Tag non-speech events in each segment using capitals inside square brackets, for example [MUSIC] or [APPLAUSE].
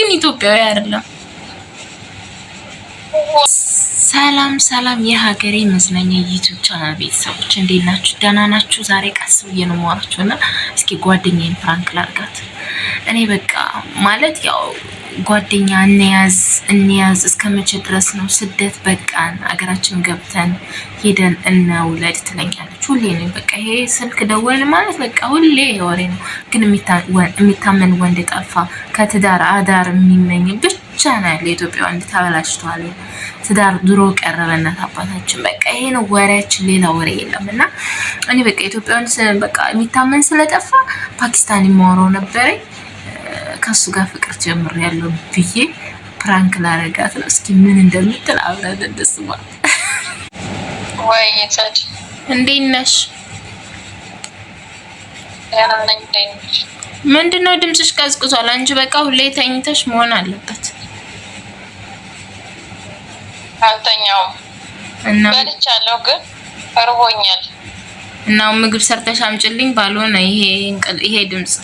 ግን ኢትዮጵያዊ አይደለም። ሰላም ሰላም፣ የሀገሬ መዝናኛ ዩቱብ ቻናል ቤተሰቦች እንዴት ናችሁ? ደህና ናችሁ? ዛሬ ቀስ ብዬ ነው የማወራችሁ እና እስኪ ጓደኛዬን ፍራንክ ላድርጋት እኔ በቃ ማለት ያው ጓደኛ እንያዝ እንያዝ እስከ መቼ ድረስ ነው ስደት? በቃን አገራችን ገብተን ሄደን እናውለድ ትለኛለች ሁሌ ነው። በቃ ይሄ ስልክ ደወል ማለት በቃ ሁሌ ወሬ ነው። ግን የሚታመን ወንድ ጠፋ። ከትዳር አዳር የሚመኝ ብቻ ነው ያለ ኢትዮጵያ ወንድ ተበላሽቷል። ትዳር ድሮ ቀረ አባታችን። በቃ ይሄ ነው ወሬያችን፣ ሌላ ወሬ የለም። እና እኔ በቃ ኢትዮጵያ ወንድ በቃ የሚታመን ስለጠፋ ፓኪስታን የማወራው ነበረኝ ከእሱ ጋር ፍቅር ጀምር ያለው ብዬ ፕራንክ ላረጋት ነው። እስኪ ምን እንደምትል አብረን እንደስማ። ወይ ሰድ እንዴት ነሽ? ምንድነው ድምፅሽ ቀዝቅዟል። አንቺ በቃ ሁሌ ተኝተሽ መሆን አለበት። አልተኛውም በልቻለሁ፣ ግን እርቦኛል እና ምግብ ሰርተሽ አምጪልኝ። ባልሆነ ይሄ ይሄ ድምፅ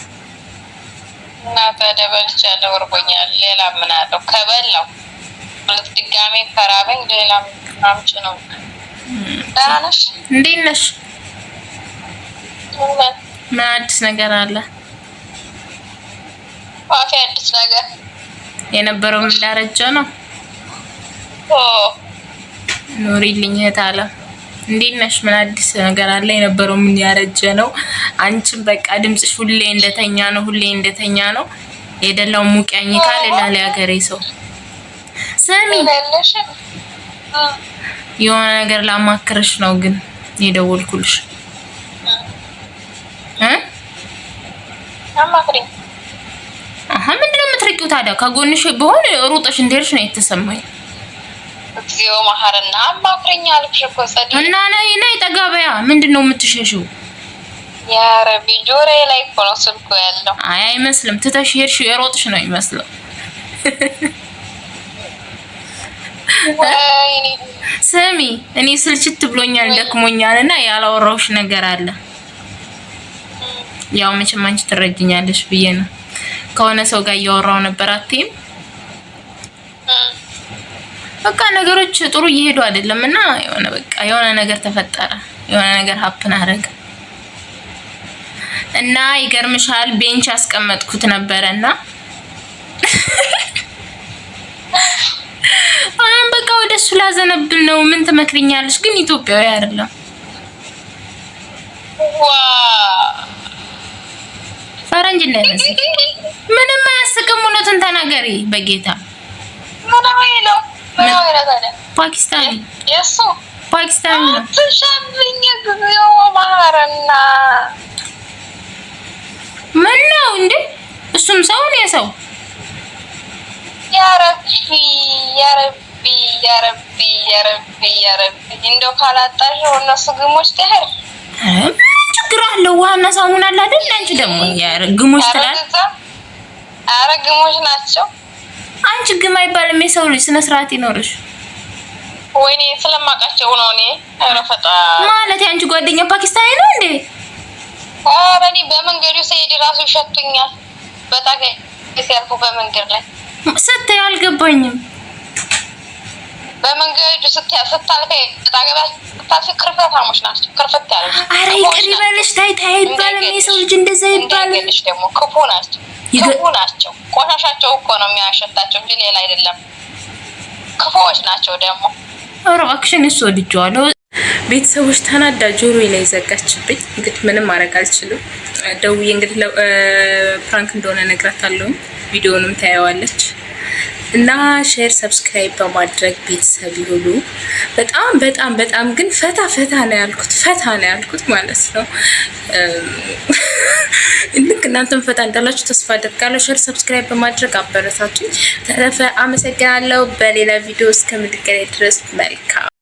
እና ተደበልቻለሁ፣ እርቦኛል። ሌላ ምን አለው ከበላው ድጋሜ ከራበኝ ሌላ ምናምጭ ነው። ደህና ነሽ? እንዴት ነሽ? ምን አዲስ ነገር አለ? ዋፊ አዲስ ነገር የነበረው እንዳረጀ ነው። ኑሪልኝ እህት አለ እንዴት ነሽ? ምን አዲስ ነገር አለ? የነበረው ምን ያረጀ ነው? አንቺም በቃ ድምጽሽ ሁሌ እንደተኛ ነው፣ ሁሌ እንደተኛ ነው። የደላው ሙቀኝ ካለ ላለ ያገሬ ሰው ስሚ፣ የሆነ ነገር ላማክርሽ ነው ግን የደወልኩልሽ እ አማክሪ አሃ ምንድነው የምትርቂው ታዲያ? ከጎንሽ በሆነ ሩጠሽ እንደሄድሽ ነው የተሰማኝ። እግዚኦ መሐረና አማክረኛ አልኩሽ እኮ ጸዲ እና ነይ ነይ ጠጋ በያ ምንድን ነው የምትሸሽው? ያ ረቢ ላይ እኮ ነው ስልኩ ያለው። አይ አይመስልም። ትተሽ ሄድሽ የሮጥሽ ነው ይመስለው። ስሚ እኔ ስልችት ብሎኛል ደክሞኛል፣ እና ያላወራሁሽ ነገር አለ። ያው መቼም አንቺ ትረጅኛለሽ ብዬ ነው ከሆነ ሰው ጋር እያወራሁ ነበር። አትይም በቃ ነገሮች ጥሩ እየሄዱ አይደለም እና የሆነ በቃ የሆነ ነገር ተፈጠረ፣ የሆነ ነገር ሀፕን አደረገ እና ይገርምሻል፣ ቤንች ያስቀመጥኩት ነበረ እና [LAUGHS] አሁን በቃ ወደ እሱ ላዘነብል ነው። ምን ትመክሪኛለሽ? ግን ኢትዮጵያዊ አይደለም ፈረንጅ ነው። ምንም አያስቅም። እውነቱን ተናገሪ በጌታ ፓኪስታኒ ፓኪስታኒ ትሻብኝ ጊዜው አማረና ምን ነው እንዴ? እሱም ሰው እኔ ሰው ያረቢ ያረቢ ያረቢ ያረቢ ያረቢ እንደው ካላጣሽው እነሱ ግሞች ትሄድ ችግር አለው። ውሃና ሳሙና አለ አይደል? አንቺ ደግሞ ግሞች ትላለህ። ኧረ ግሞች ናቸው። አንቺ ግም አይባልም። የሰው ልጅ ስነ ስርዓት ይኖርሽ። ወይኔ ስለማውቃቸው ነው እኔ። ኧረ ፈጣን ማለት የአንቺ ጓደኛ ፓኪስታኒ ነው እንዴ? ኧረ እኔ በመንገዱ ስሄድ ራሱ ይሸቱኛል። በጣም ሲያልፉ በመንገድ ላይ ስትይ አልገባኝም። በመንገዱ ስታልፈይ ስታልፊ ክርፈታሞች ናቸው። ክርፍት ያለ አረ ይቅር ይበልሽ። ታይ ታይ አይባልም። የሰው ልጅ እንደዛ ይባል። ደግሞ ክፉ ናቸው። ክፉ ናቸው። ቆሻሻቸው እኮ ነው የሚያሸታቸው እንጂ ሌላ አይደለም። ክፉዎች ናቸው ደግሞ። ኧረ እባክሽን እሱ ወድጀዋለሁ። ቤተሰቦች ተናዳ ጆሮ ላይ ዘጋችብኝ። እንግዲህ ምንም ማድረግ አልችልም። ደውዬ እንግዲህ ፕራንክ እንደሆነ እነግራታለሁ። ቪዲዮንም ታየዋለች እና ሼር፣ ሰብስክራይብ በማድረግ ቤተሰብ ይሁኑ። በጣም በጣም በጣም ግን ፈታ ፈታ ነው ያልኩት፣ ፈታ ነው ያልኩት ማለት ነው። ልክ እናንተም ፈታ እንዳላችሁ ተስፋ አደርጋለሁ። ሸር፣ ሰብስክራይብ በማድረግ አበረታቱኝ። ተረፈ አመሰግናለሁ። በሌላ ቪዲዮ እስከምንገናኝ ድረስ መልካም